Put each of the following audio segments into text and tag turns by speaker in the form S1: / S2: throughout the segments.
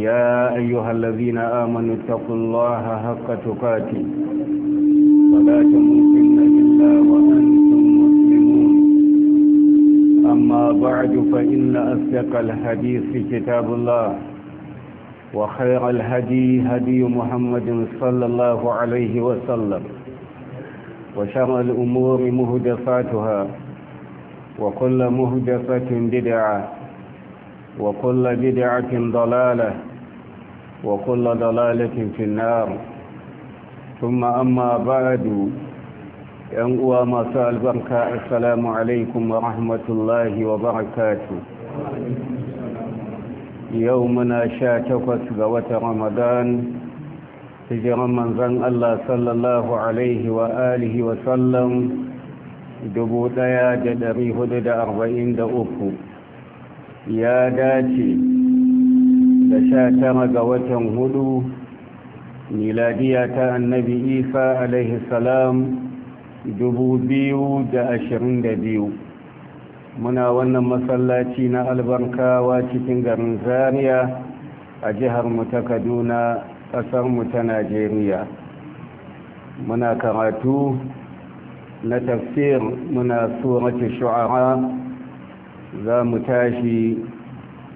S1: يا أيها الذين آمنوا اتقوا الله حق تقاته
S2: ولا تموتن إلا وأنتم مسلمون أما بعد فإن
S1: أصدق الحديث كتاب الله وخير الهدي هدي محمد صلى الله عليه وسلم وشر الأمور مهدفاتها وكل مهدفة بدعة وكل بدعة ضلالة وكل ضلالة في النار ثم أما بعد ينقوى مساء البركة السلام عليكم ورحمة الله وبركاته يومنا شاتفت غوة رمضان hijiran manzan Allah sallallahu Alaihi wa alihi wa sallam uku, ya dace da sha tara ga watan hudu miladiya ta annabi isa alaihi salam biyu. muna wannan masallaci na albarkawa cikin garin zaria a jihar mu ta kaduna ƙasar mu ta najeriya muna karatu na tafsir muna surati shu'ara za mu tashi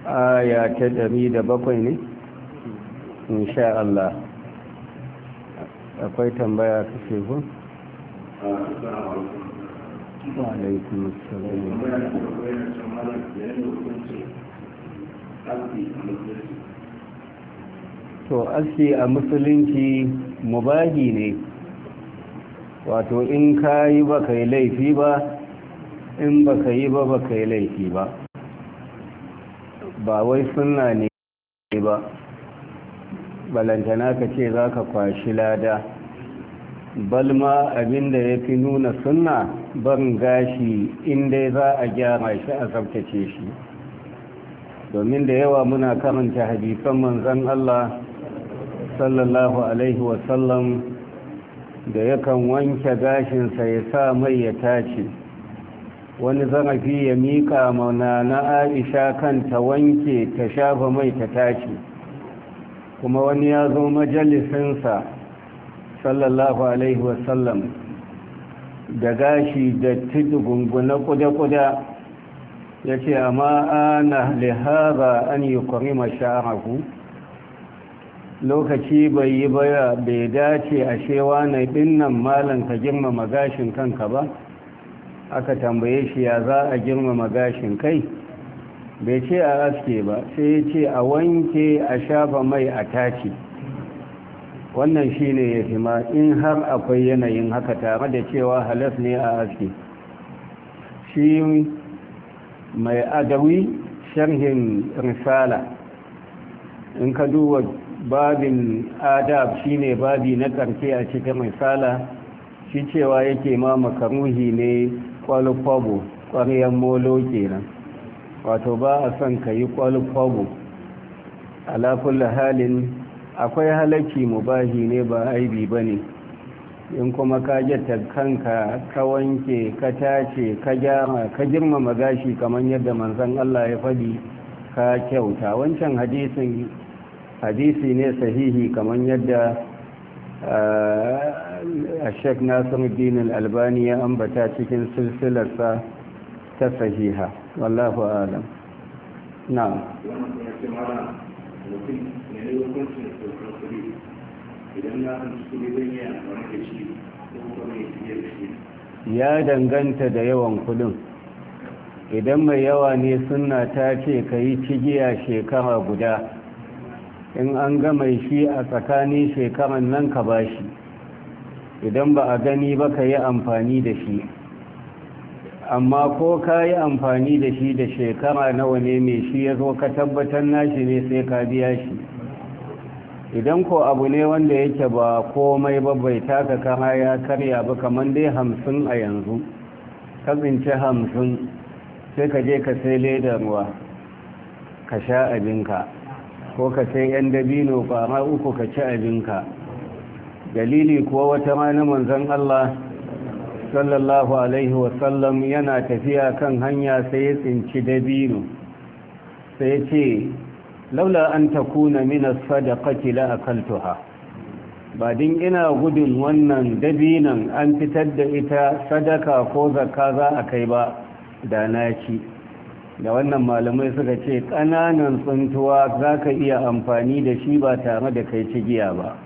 S1: aya ta ɗari da bakwai ne insha Allah akwai tambaya ta shekun? to aski a musulunci mubahi ne wato in ka yi ba ka laifi ba in ba ka yi ba ba ka yi laifi ba ba wai suna ne ba balantana ka ce za ka kwashi lada balma abinda ya fi nuna suna ban gashi inda za a gyara shi a tsabtace shi domin da yawa muna karanta hadisan manzan Allah sallallahu alaihi wasallam da yakan wanke gashinsa ya sa mai ya tace wani zarafi ya miƙa mauna na aisha kan ta wanke ta shafa mai ta tashi kuma wani ya zo majalisinsa sallallahu alaihi wasallam da gashi da tudu gunguna kuda-kuda ya ce amma ana lihara an yi kurima sha'arahu lokaci bai yi baya bai dace a shewa na dinnan malanta girmama gashin kanka ba aka tambaye shi ya za a girmama gashin kai bai ce a aske ba sai ya ce a wanke a shafa mai a tashi. wannan shi ne ya fi ma in har akwai yanayin haka tare da cewa halas ne a aske shi mai adawi sharhin risala in ka duba babin adab shine babi na karfe a cikin risala shi cewa yake ma makaruhi ne kwalkwabo ƙwaryen molo kenan wato ba a son ka yi kwalkwabo alakulla halin akwai halaki mubahi ne ba aibi ba ne in kuma ka jata kanka ka wanke ka tace ka gyara ka girmama gashi kamar yadda manzon Allah ya faɗi ka kyauta wancan hadisi ne sahihi kamar yadda ah, الشيخ ناصر الدين الألباني أنبتا تكن سلسلة تفهيها والله أعلم نعم ya danganta da yawan kudin idan mai yawa ne suna ta ce ka yi cigiya shekara guda in an gama shi a tsakanin shekaran nan ka bashi idan ba a gani ba ka yi amfani da shi amma ko ka yi amfani da shi da shekara nawa ne mai shi ya zo ka tabbatar nashi ne sai ka biya shi idan ko abu ne wanda yake ba komai ba bai taka kara ya karya ba kamar dai hamsin a yanzu ka hamsin sai ka je ka sai ledar ka sha abinka ko ka sai yan dabino fara uku ka ci abinka dalili kuwa wata rana manzon Allah sallallahu alaihi wasallam yana tafiya kan hanya sai ya tsinci dabino sai ya ce laula an takuna min sadaqati la akaltuha ba din ina gudun wannan dabinan an fitar da ita sadaka ko zakka za a kai ba da na ci da wannan malamai suka ce ƙananan tsuntuwa za ka iya amfani da shi ba tare da kai giya ba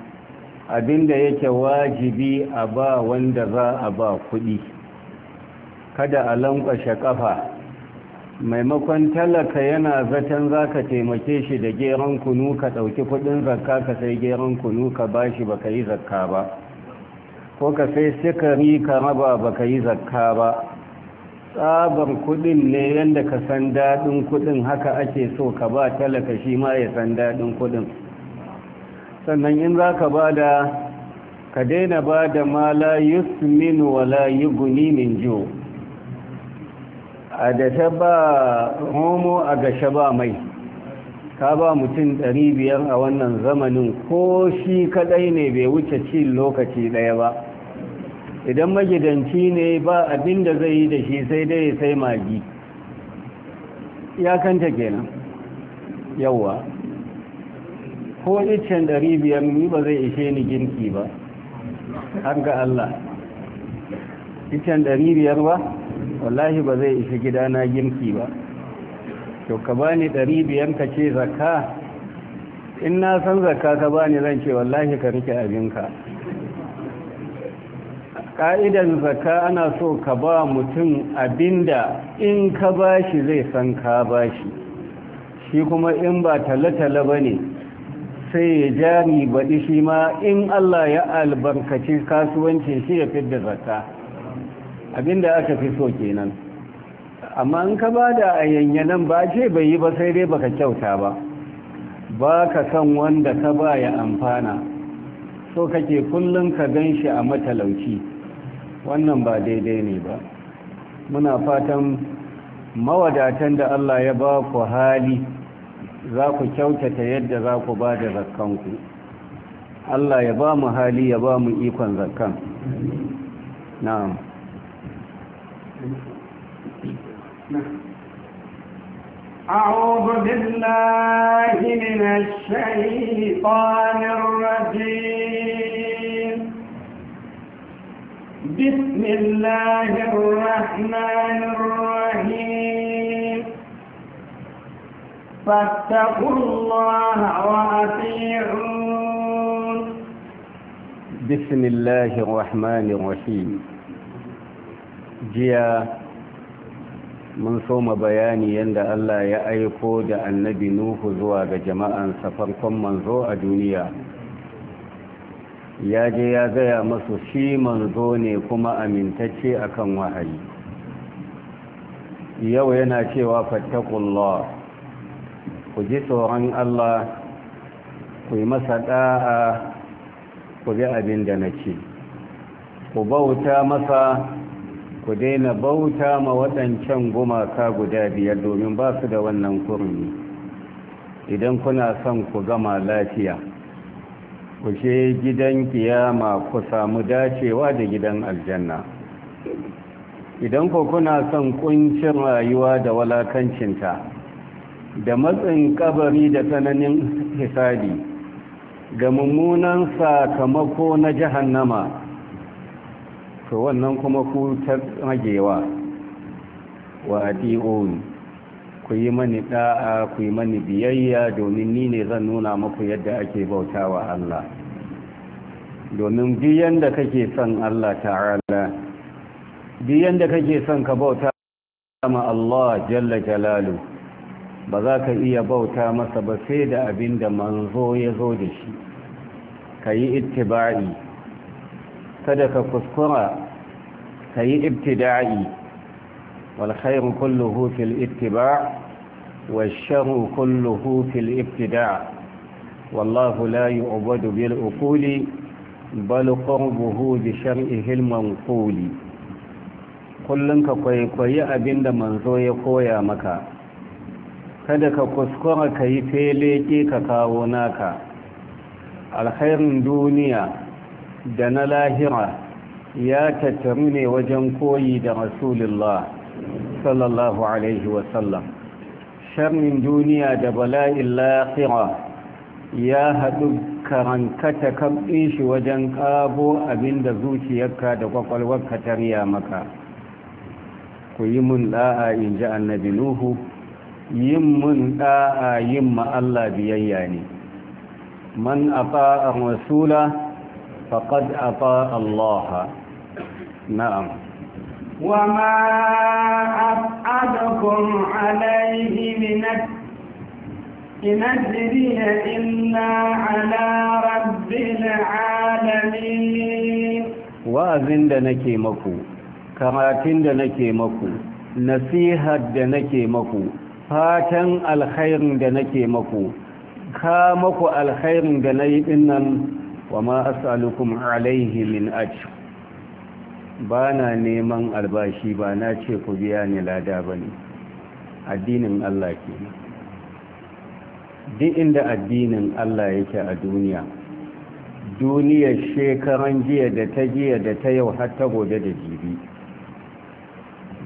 S1: abinda yake wajibi a ba wanda za a ba kuɗi kada a lankwashe ƙafa maimakon talaka yana zaton za ka taimake shi da geron kunu ka ɗauki kuɗin zakka ka sai geron kunu ka ba shi ba ka yi zakka ba ko ka sai sikari ka raba ba ka yi zakka ba tsabar kuɗin ne yadda ka san daɗin kuɗin haka ake so ka ba talaka shi ma ya san daɗin kuɗin sannan in za ka ba da ka daina ba da ma la yusmin wa la yuguni min jo a ta ba homo a gashe ba mai ka ba mutum ɗari biyar a wannan zamanin ko shi kadai ne bai wuce ci lokaci ɗaya ba idan magidanci ne ba abin da zai yi da shi sai dai sai magi ya kanta kenan yawwa ko iccen ɗari biyar ni ba zai ishe ni girki ba har ga Allah iccen ɗari biyar ba wallahi ba zai ishe gidana girki ba to ka bani ɗari biyar ka ce zakka in na san zakka ka bani zan ce wallahi ka rike abinka Ka'idan zakka ana so ka ba mutum abinda in ka bashi zai san ka bashi shi kuma in ba tale-tale ba ne sai ya ja ni baɗi shi ma in Allah ya albarkaci kasuwancin shi ya fidda zakka abinda aka fi so kenan amma in ka ba da a yanyanan ba ce bai yi ba sai dai baka kyauta ba ba ka san wanda ka ba ya amfana so kake kullum ka gan shi a matalauci wannan ba daidai ne ba muna fatan mawadatan da Allah ya ba ku hali za ku kyautata yadda za ku ba da zakkanku Allah ya ba mu hali ya ba mu ikon zakkan na
S3: أعوذ بالله من الشيطان الرجيم بسم الله الرحمن الرحيم فاتقوا الله وأطيعون
S1: بسم الله الرحمن الرحيم جيا mun soma bayani yadda Allah ya aiko da annabi Nuhu zuwa ga sa farkon manzo a duniya ya je ya gaya masu shi manzo ne kuma amintacce akan wahayi yau yana cewa fattakullah ku ji tsoron Allah ku yi masa ɗa'a ku bi abin da nake ku bauta masa ku daina bauta ma waɗancan gumaka guda biyar domin ba su da wannan kurmi idan kuna son ku gama lafiya ku je gidan kiyama ku samu dacewa da gidan aljanna idan ku kuna son kuncin rayuwa da walakancinta da matsayin kabari da tsananin hisabi ga mummunan sakamako na jahannama to wannan kuma ku ta magewa wa adi'un ku yi mani da'a ku yi mani biyayya domin ni ne zan nuna maku yadda ake bautawa Allah domin biyan da kake son Allah ta'ala biyan da kake son ka bauta ma Allah jalla jalaluhu ba za ka iya bauta masa ba sai da abin da manzo ya zo da shi ka yi ittiba'i kada ka kuskura ka yi ibtida'i walkhairu kulluhu fil ittiba' والشر كله في الابتداع والله لا يعبد بالعقول بل قربه بشرعه المنقول kullun ka kwaikwayi abin da manzo ya koya maka kada ka kuskura ka yi feleke ka kawo naka alkhairin duniya da na lahira ya tattaru ne wajen koyi da rasulullah sallallahu alaihi wasallam sharrin duniya da bala'in lahira ya haɗu karankata kan shi wajen ƙabo abinda zuciyarka da kwakwalwarka ka tarya maka ku yi mun ɗa'a in ji annabi nuhu yin mun ɗa'a yin ma biyayya ne man ata'a afa a ata'a Allah na'am
S3: وما أبعدكم عليه من إن أجري إلا على رب
S1: Wa'azin da nake maku, karatun da nake maku nasihar da nake maku fatan alkhairin da nake maku ka maku alkhairin da nayi dinnan wa ma as'alukum alaihi min ajr bana neman albashi ba na ce ku biya ni lada bane addinin Allah ke duk inda addinin Allah yake a duniya duniyar shekaran jiya da ta jiya da ta yau har ta gobe da jibi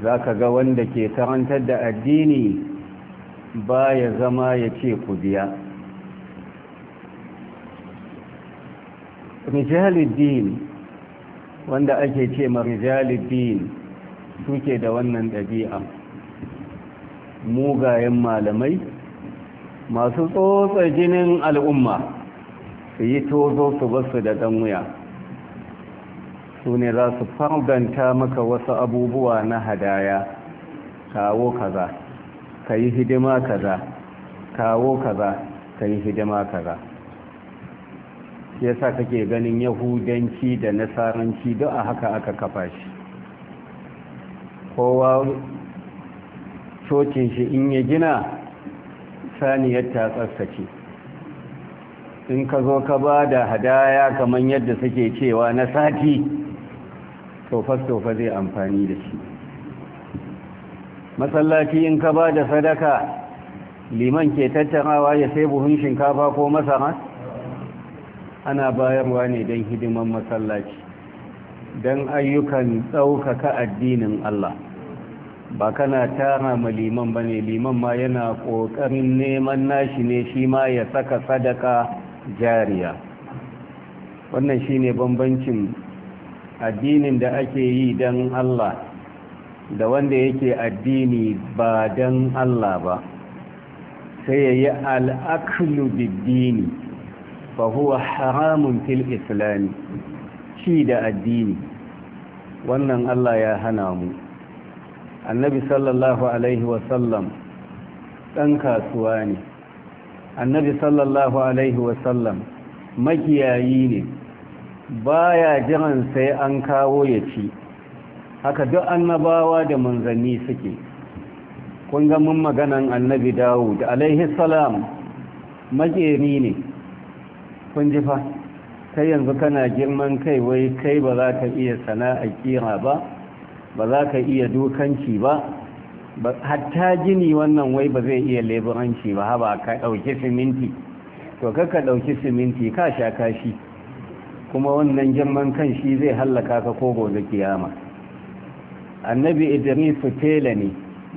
S1: za ka ga wanda ke karantar da addini ba ya zama ya ce ku biya rijaluddin wanda ake ce ma rijaluddin suke da wannan ɗabi'a mugayen malamai masu tsotsa jinin al'umma su yi tozo su basu da ɗan wuya su ne za su fardanta maka wasu abubuwa na hadaya kawo kaza ka yi hidima kaza kawo kaza ka yi hidima kaza yasa kake ganin yahudanci da nasaranci duk a haka aka kafa shi kowa cocin shi in ya gina saniyar ta tsarsace in ka zo ka ba da hadaya kamar yadda suke cewa na sati fasto fa zai amfani da shi masallaci in ka ba da sadaka liman ke tattarawa ya sai buhun shinkafa ko masara ana bayarwa ne don hidiman masallaci don ayyukan ɗaukaka addinin Allah ba kana tara ma liman ba ne liman ma yana ƙoƙarin neman nashi ne shi ma ya saka sadaka jariya wannan shine bambancin addinin da ake yi don Allah da wanda yake addini ba don Allah ba sai ya yi al'aklu biddini fa huwa haramun fil islami ci da addini wannan Allah ya hana mu annabi sallallahu alaihi wasallam ɗan kasuwa ne annabi sallallahu alaihi wasallam makiyayi ne baya jiran sai an kawo ya ci haka duk annabawa da manzanni suke kun ga mun maganan annabi dawud alaihi salam makeri ne kun ji fa kai yanzu kana girman kai wai kai ba za ka iya sana'a kira ba ba za ka iya dukanci ba hatta gini wannan wai ba zai iya leburanci ba haba ka ɗauki siminti to ka ɗauki siminti ka sha kashi kuma wannan girman kan shi zai hallaka ka ko gobe kiyama annabi idris fitela ne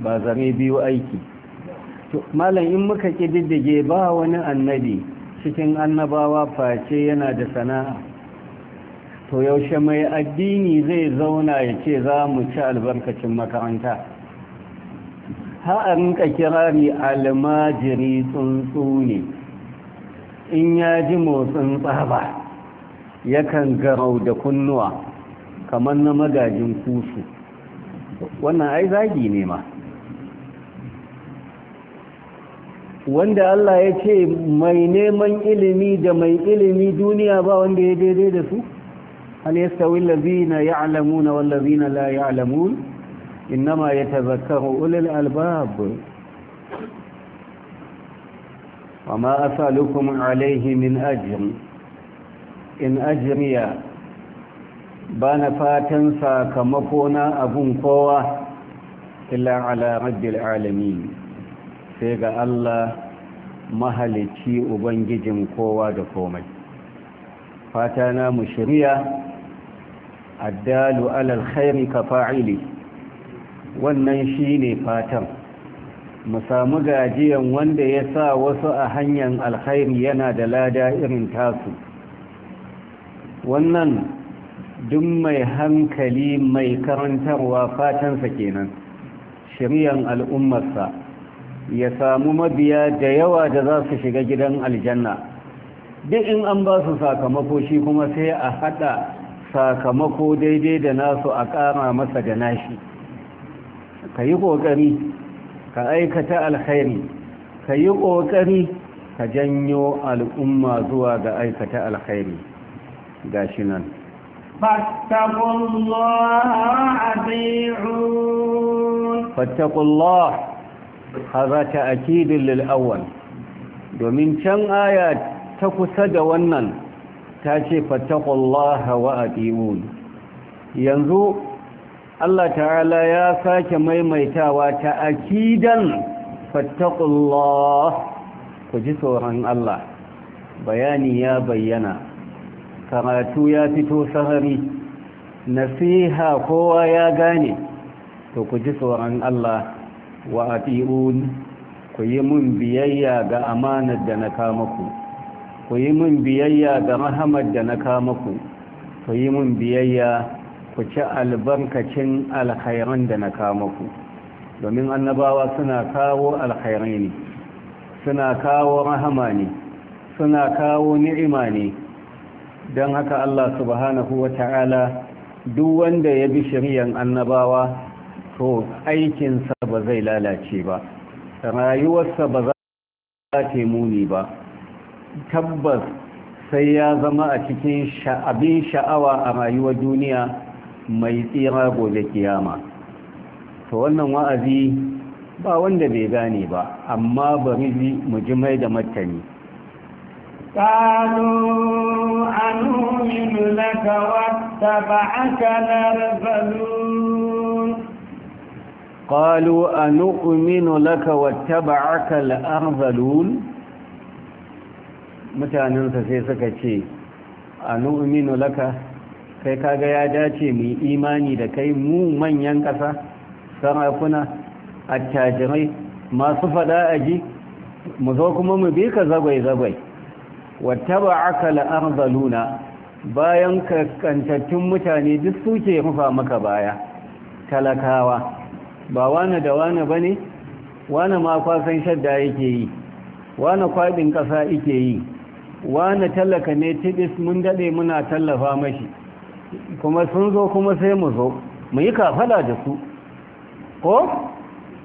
S1: ba zare biyu aiki malam in muka kididdige ba wani annabi cikin annabawa face yana da sana'a to yaushe mai addini zai zauna ya ce za mu ci albarkacin makaranta ha rinka kirari almajiri tsuntsu ne in ya ji motsin tsaba yakan garau da kunnuwa kamar na magajin kusu wannan ai zagi ne ma wanda Allah ya ce mai neman ilimi da mai ilimi duniya ba wanda ya daidai da su hal yastawi allazina ya'lamuna wal ladzina la ya'lamun innama yatazakkaru ulul albab ma as'alukum alaihi min ajrin in ajriya ba na fatan sakamako na abun kowa ila ala rabbil alamin sai ga Allah mahalici ubangijin kowa da komai fata na mu shirya addalu alal khairi ka fa'ili wannan shine fatan mu samu gajiyan wanda ya sa wasu a hanyar alkhairi yana da lada irin tasu wannan duk mai hankali mai karantarwa fatansa kenan shiryan al'ummarsa ya samu mabiya da yawa da za su shiga gidan aljanna duk in an ba su sakamako shi kuma sai a hada sakamako daidai da nasu a kara masa da nashi ka yi ƙoƙari ka aikata alkhairi ka yi ƙoƙari ka janyo al'umma zuwa ga aikata alkhairi ga shi nan
S3: فاتقوا الله وأطيعون فاتقوا
S1: الله هذا تأكيد للأول domin can aya ta kusa da wannan ta ce fattakullaha wa atiun yanzu Allah ta'ala ya sake maimaitawa ta akidan fattakullah ku ji tsoron Allah bayani ya bayyana karatu ya fito sarari nasiha kowa ya gane to ku ji tsoron Allah wa ati'un ku yi mun biyayya ga amanar da na kamaku ku yi mun biyayya ga rahamar da na kamaku ku yi mun biyayya ku ci albarkacin alkhairan da na kamaku domin annabawa suna kawo alkhairai ne suna kawo rahama ne suna kawo ni'ima ne don haka Allah subhanahu wa ta'ala duk wanda ya bi shari'an annabawa to aikinsa ba zai lalace ba rayuwarsa ba za ta muni ba tabbas sai ya zama a cikin abin sha'awa a rayuwar duniya mai tsira gobe kiyama to wannan wa'azi ba wanda bai gane ba amma bari mu ji mai da martani
S3: قالوا أنؤمن لك واتبعك الأرذلون
S1: قالوا أنؤمن لك واتبعك الأرذلون متى sai سيسك ce أنؤمن لك laka kai kaga ya dace mu yi imani da kai mu manyan ƙasa sarakuna attajirai masu fada aji mu zo kuma mu bi ka zagwai-zagwai aka al-ardhaluna bayan kaskantattun mutane duk suke rufa maka baya talakawa ba wani da wani ne? wani ma kwasan shadda yake yi wani kwaɗin ƙasa yake yi wani tallaka ne tidis mun daɗe muna tallafa mashi kuma sun zo kuma sai mu zo mu yi kafala da su ko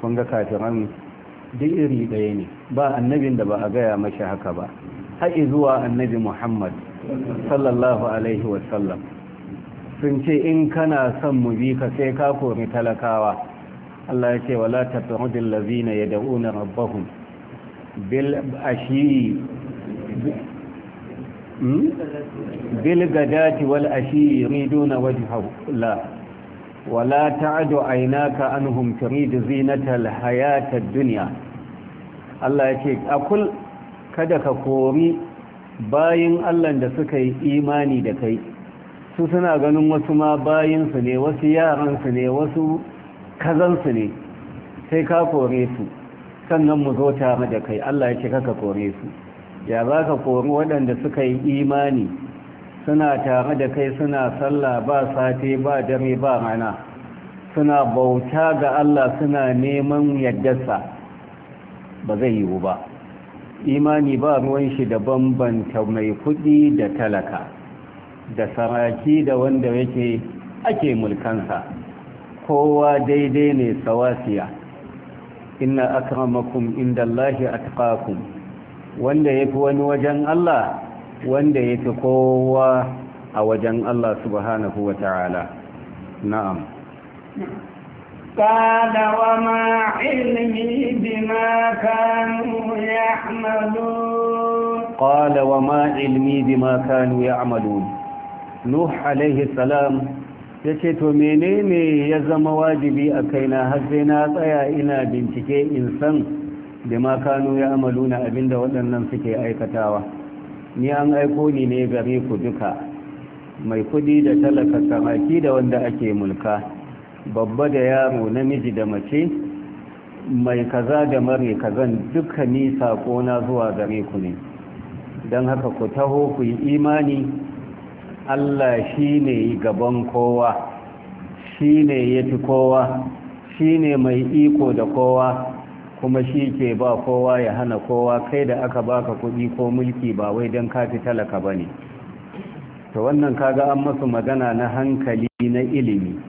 S1: kun ga kafiran duk iri ɗaya ne ba annabin da ba a gaya mashi haka ba haƙi zuwa annabi muhammad sallallahu alaihi wasallam sun ce in kana son mu bi ka sai ka kori talakawa Allah ya ce wala tatrudil lazina yad'una rabbahum bil ashi
S2: hmm? bil
S1: gadati wal ashi yuriduna wajhahu la ولا تعد عيناك عنهم تريد duniya? Allah ya ce a أقول kada ka kori bayin allah da suka yi imani da kai su suna ganin wasu ma bayinsu ne wasu yaransu ne wasu kazansu ne sai ka kore su sannan mu zo tare da kai allah ya ce kaka kore su ya za ka kori waɗanda suka yi imani suna tare da kai suna sallah ba sati ba dare ba rana suna bauta ga allah suna neman yaddarsa ba zai yiwu ba imani ba ruwan shi da bambanta mai kudi da talaka da saraki da wanda yake ake mulkansa kowa daidai ne sawasiya inna akramakum indallahi atqakum wanda yafi wani wajen Allah wanda yafi kowa a wajen Allah subhanahu wataala
S2: na'am
S3: قال وما علمي بما كانوا يعملون
S2: قال
S1: وما علمي بما كانوا يعملون نوح عليه السلام yace to menene ya zama wajibi a kaina har sai na tsaya ina bincike in san da ma kano ya amaluna abinda waɗannan suke aikatawa ni an aiko ni ne gare ku duka mai kudi da talaka samaki da wanda ake mulka babba da yaro namiji da mace mai kaza da mare kazan duka ni na zuwa gare ku ne don haka ku taho ku yi imani Allah shi ne gaban kowa shi ne ya fi kowa shi ne mai iko da kowa kuma shi ke ba kowa ya hana kowa kai da aka baka kuɗi ko mulki ba wai don kafi talaka ba ne to wannan kaga an masu magana na hankali na ilimi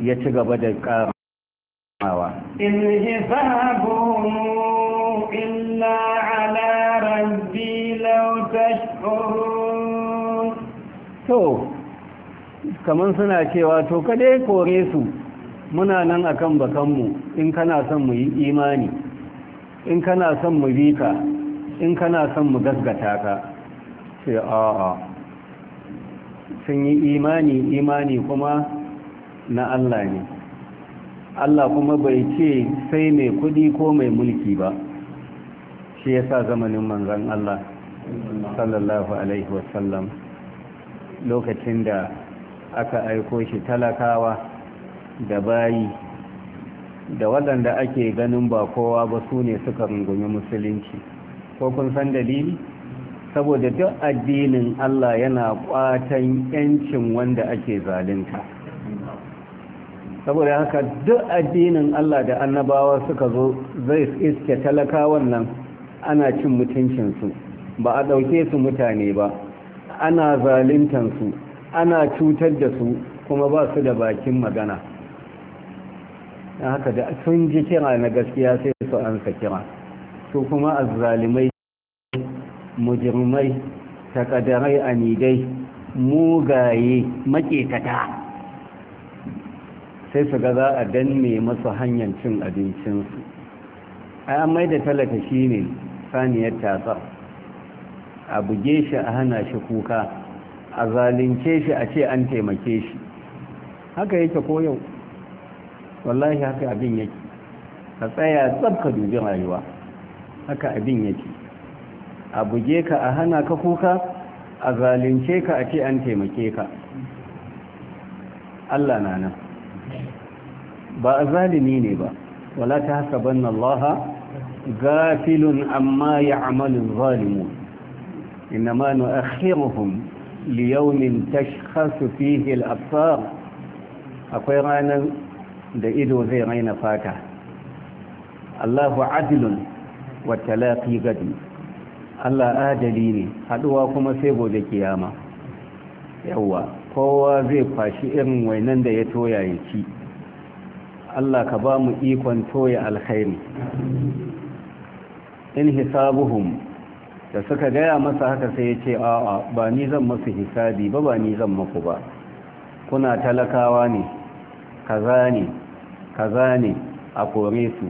S1: ya ci gaba da kamawa
S3: in hisabuhum illa ala rabbi
S1: to kaman suna cewa to kada ya kore su muna nan akan bakanmu in kana son mu yi imani in kana son mu bi ka in kana son mu gasgata ka sai a'a sun yi imani imani kuma na Allah ne Allah kuma bai ce sai mai kudi ko mai mulki ba shi yasa zamanin manzon Allah sallallahu alaihi wasallam lokacin da aka aiko shi talakawa da bayi da waɗanda ake ganin ba kowa ba su ne suka rungumi musulunci ko kun san dalili saboda duk addinin Allah yana kwatan yancin wanda ake zalunta saboda haka duk addinin Allah da annabawa suka zo zai iske talaka wannan ana cin mutuncinsu ba a ɗauke su mutane ba ana su ana cutar da su kuma ba su da bakin magana haka da sun ji kira na gaskiya sai su ansa kira su kuma azzalimai mujirmai takadarai anidai mugaye maƙetata sai su ga za a danne masu hanyar cin abincinsu a mai da talaka shi ne saniyar tatsar a buge shi a hana shi kuka a zalince shi a ce an taimake shi haka yake ko yau wallahi haka abin yake ka tsaya tsabka dubi rayuwa haka abin yake a buge ka a hana ka kuka a zalince ka a ce an taimake ka Allah na nan ba a zalumi ne ba wala ta haka banna allaha gafilun amma ya amalin zalimu ina ma na akhiruhun liyaunin tashkhasu fihe al'afar akwai ranar da ido zai raina fata allahu adilun wata lafi gadi allah adali ne haduwa kuma sai gobe kiyama yawwa kowa zai fashi irin wainan da ya toya ya ci Allah ka ba mu ikon toye alkhairi in hisabuhum da suka gaya masa haka sai ya ce a'a ba ni zan masu hisabi ba ba ni zan maku ba kuna talakawa ne kaza ne kaza ne a kore su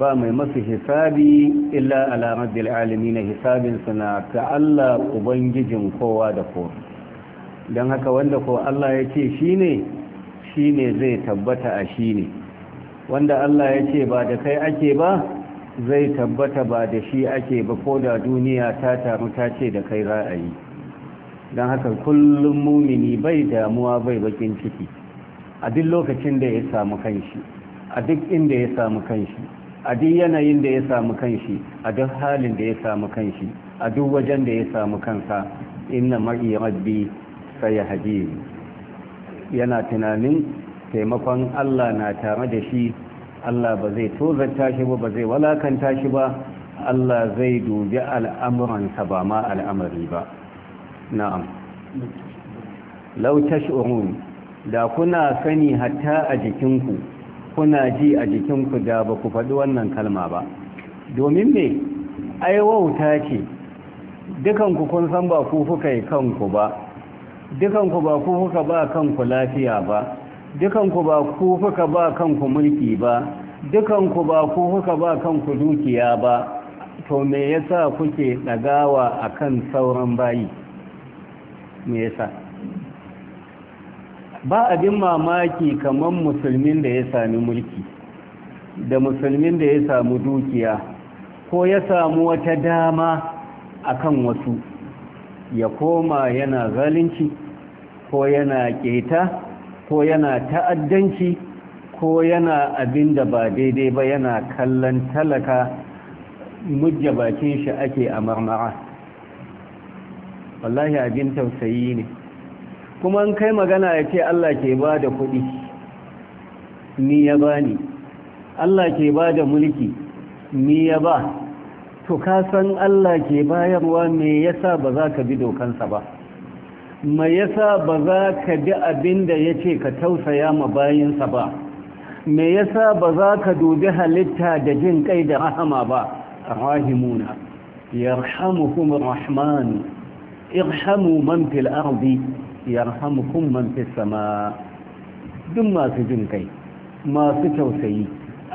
S1: ba mai masu hisabi illa ala rabbil alamin hisabin suna ka Allah ubangijin kowa da kowa don haka wanda ko Allah ya ce shine shine zai tabbata a shine wanda Allah ya ce ba da kai ake ba zai tabbata ba da shi ake ba ko da duniya ta taru ta ce da kai ra'ayi a don haka kullum mumini bai damuwa bai bakin ciki a duk lokacin da ya samu kanshi a duk inda ya samu kanshi a duk yanayin da ya samu kanshi a duk halin da ya samu kanshi a duk wajen da ya samu kansa inna mari rabbi sai ya yana tunanin taimakon Allah na tare da shi Allah ba zai tozanta shi ba ba zai walakanta shi ba Allah zai dubi al'amuransa ba ma al'amari ba na'am lau tash'urun da kuna sani hatta a jikinku kuna ji a jikinku da ba ku faɗi wannan kalma ba domin me ai wauta ce dukanku kun san ba ku kuka yi kanku ba dukanku ba ku kuka ba kanku lafiya ba dukanku ba ku fuka ba kanku mulki ba dukanku ba ku fuka ba kanku dukiya ba to me yasa kuke dagawa akan sauran bayi me yasa ba abin mamaki kamar musulmin da ya sami mulki da musulmin da ya samu dukiya ko ya samu wata dama akan wasu ya koma yana zalunci ko yana keta ko yana ta'addanci ko yana abin da ba daidai ba yana kallon talaka mujja bakin shi ake a marmara wallahi abin tausayi ne kuma an kai magana ya ce Allah ke ba da kuɗi ni ya ba ni Allah ke ba da mulki ni ya ba to ka san Allah ke bayarwa me yasa ba za ka bi dokansa ba mai yasa ba za ka bi abin da ya ce ka tausaya ma bayinsa ba me yasa ba za ka dubi halitta da jin kai da rahama ba rahimuna yarhamukum rahman irhamu man fil ardi yarhamukum man fis sama duk masu jin kai masu tausayi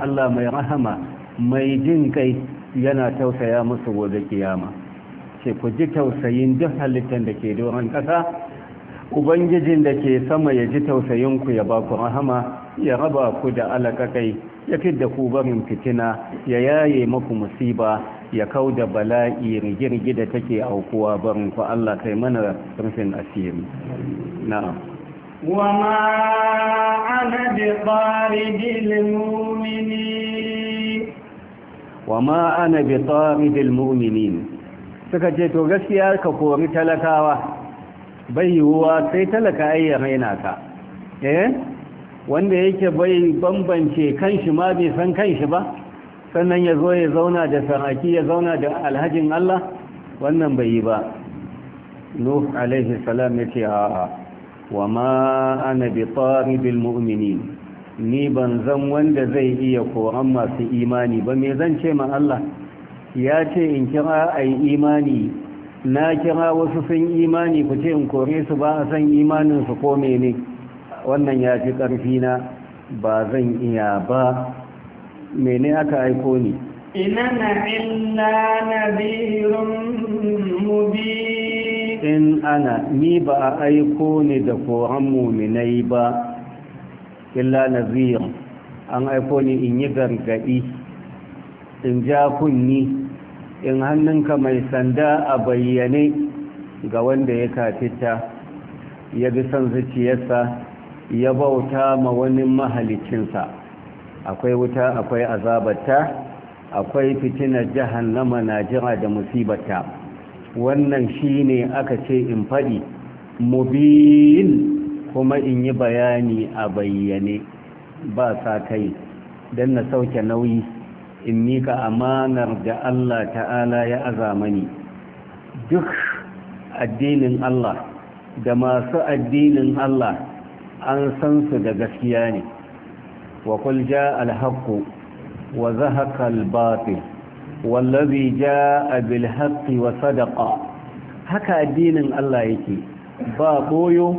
S1: Allah mai rahama mai jin kai yana tausaya musu gobe kiyama ce ku ji tausayin duk halittar da ke doron ƙasa ubangijin da ke sama ya ji tausayinku ya ba ku rahama ya raba ku da alaƙaƙai ya fidda ku barin fitina ya yaye maku musiba ya kau da bala'i rigirgi da take aukuwa barin ku Allah kai mana rufin asiri na'am
S3: وما muminin بطارد المؤمنين
S1: وما أنا suka ce to gaskiya ka kori talakawa bai yiwuwa sai talaka ai ya raina ka eh wanda yake bai bambance kanshi ma bai san kanshi ba sannan ya zo ya zauna da saraki ya zauna da alhajin Allah wannan bai yi ba nuh alaihi salam ya ce a'a wa ma ana bi taribil mu'minin ni ban zan wanda zai iya koran masu imani ba me zan ce ma Allah ya ce in kira a yi imani na kira wasu sun imani ku ce in kore su ba a san imaninsu ko mene wannan ya fi ƙarfina, na ba zan iya ba mene aka aiko ni
S3: ina na illa mubi in
S1: ana ni ba a aiko ni da koran muminai ba illa nadirun an aiko ni in yi gargaɗi in ja kunni in hannunka mai sanda a bayyane ga wanda ya kafita ya bi son zuciyarsa ya bauta ma wani mahalicinsa akwai wuta akwai azabata, akwai fitinar jahannama na jira da musibata. wannan shi ne aka ce in faɗi mubin kuma in yi bayani a bayyane ba sa kai don na sauke nauyi in mika amanar da Allah ta'ala ya ni. duk addinin Allah da masu addinin Allah an san su da gaskiya ne wa kul jaa al-haqqu wa zahaqa al wallazi jaa bil wa sadaqa haka addinin Allah yake ba boyo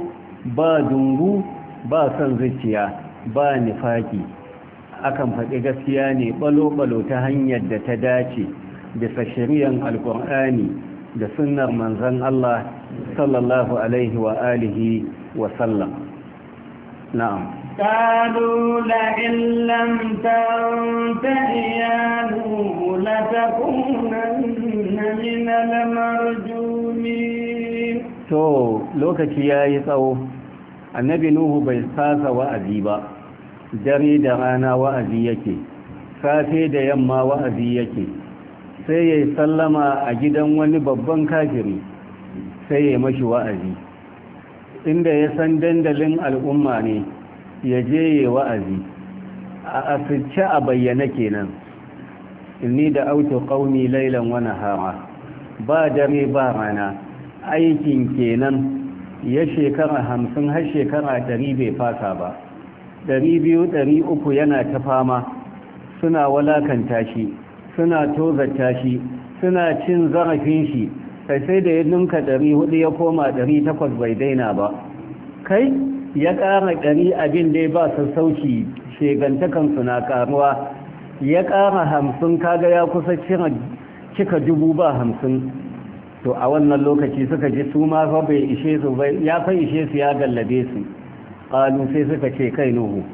S1: ba dungu ba san zuciya ba nifaki akan faɗi gaskiya ne ɓalo-ɓalo ta hanyar da ta dace bisa shari'ar alƙur'ani da sunnar manzan Allah sallallahu alaihi wa alihi wa sallam
S2: na'am
S3: قالوا لئن لم تنته يا نوح
S1: to lokaci yayi tsawo annabi nuhu bai fasa wa'azi ba dare da rana wa'azi yake safe da yamma wa'azi yake sai ya sallama a gidan wani babban kafiri sai ya mashi wa'azi inda ya san dandalin al'umma ne ya je ya wa'azi a asirce a bayyana kenan Ni da auto ƙauni lailan wani hara ba dare ba rana aikin kenan ya shekara hamsin har shekara ɗari bai fasa ba ɗari biyu yana ta fama suna walakanta shi suna tozarta shi suna cin zarafin shi sai sai da ya ninka ɗari hudu ya koma ɗari takwas bai daina ba kai ya kara ɗari abin dai ba sassauci shegantakansu suna karuwa ya kara hamsin kaga ya kusa cika dubu ba hamsin to a wannan lokaci suka ji su ma fa bai ishe su bai ya fa ishe su ya gallabe su qalu sai suka ce kai nuhu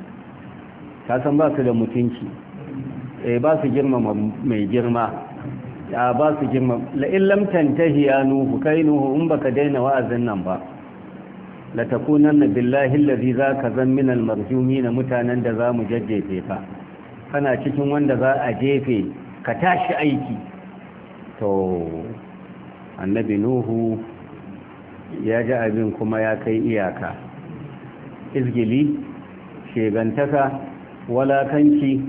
S1: Ta san ba su da mutunci eh ba su girmama mai girma ya ba su girmama la ta tantahi ya nuhu kai nuhu in baka daina wa'azin nan ba la takunanna billahi za ka zan min al na mutanen da zamu jajjefe ka kana cikin wanda za a jefe ka tashi aiki to annabi nuhu ya ji abin kuma ya kai iyaka izgili shegantaka walakanci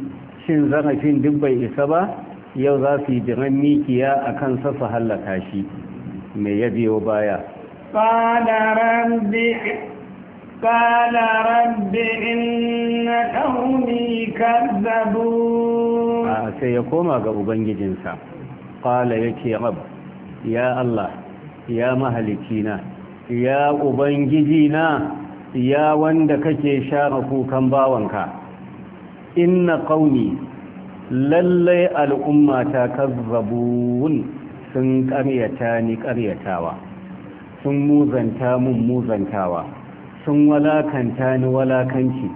S1: shin zarafin duk bai isa ba yau za su yi jiran mikiya a kan sassa hallaka shi mai ya biyo baya
S3: قال ina إن قومي a
S1: sai ya koma ga ubangijinsa ƙala yake rab ya Allah ya mahalikina ya ubangijina ya wanda kake share kukan bawanka inna ƙauni, lallai al'ummata kazzabun sun ƙaryata ni ƙaryatawa sun muzanta mun muzantawa sun walakanta ni walakanci